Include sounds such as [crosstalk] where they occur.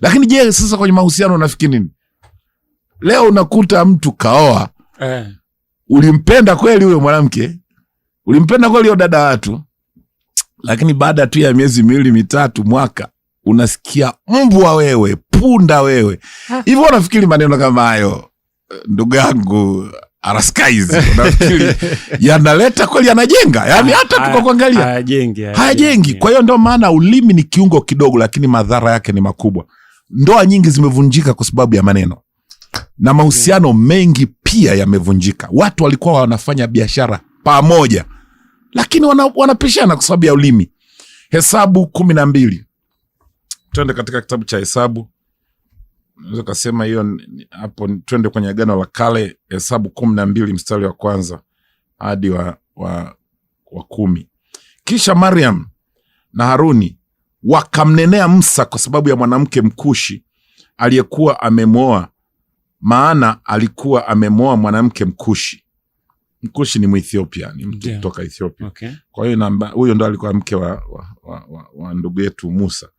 Lakini je, sasa kwenye mahusiano unafikiri nini? Leo unakuta mtu kaoa eh. Ulimpenda kweli huyo mwanamke, ulimpenda kweli huyo dada watu, lakini baada tu ya miezi miwili mitatu, mwaka, unasikia mbwa wewe, punda wewe ah. hivyo. Unafikiri maneno kama hayo, ndugu yangu, araskies [laughs] yanaleta kweli, yanajenga yani, ah, hata tukakuangalia hayajengi, Kwa hiyo ndio maana ulimi ni kiungo kidogo, lakini madhara yake ni makubwa. Ndoa nyingi zimevunjika kwa sababu ya maneno na mahusiano mm. mengi pia yamevunjika. Watu walikuwa wanafanya biashara pamoja, lakini wana, wanapishana kwa sababu ya ulimi. Hesabu kumi na mbili, twende katika kitabu cha Hesabu unaweza kasema hiyo hapo. Twende kwenye Agano la Kale, Hesabu kumi na mbili mstari wa kwanza hadi wa, wa, wa kumi. Kisha Mariam na Haruni wakamnenea Musa kwa sababu ya mwanamke Mkushi aliyekuwa amemwoa, maana alikuwa amemwoa mwanamke Mkushi. Mkushi ni Mwethiopia, ni mtu kutoka Ethiopia. Okay. Kwa hiyo huyo ndo alikuwa mke wa, wa, wa, wa, wa ndugu yetu Musa.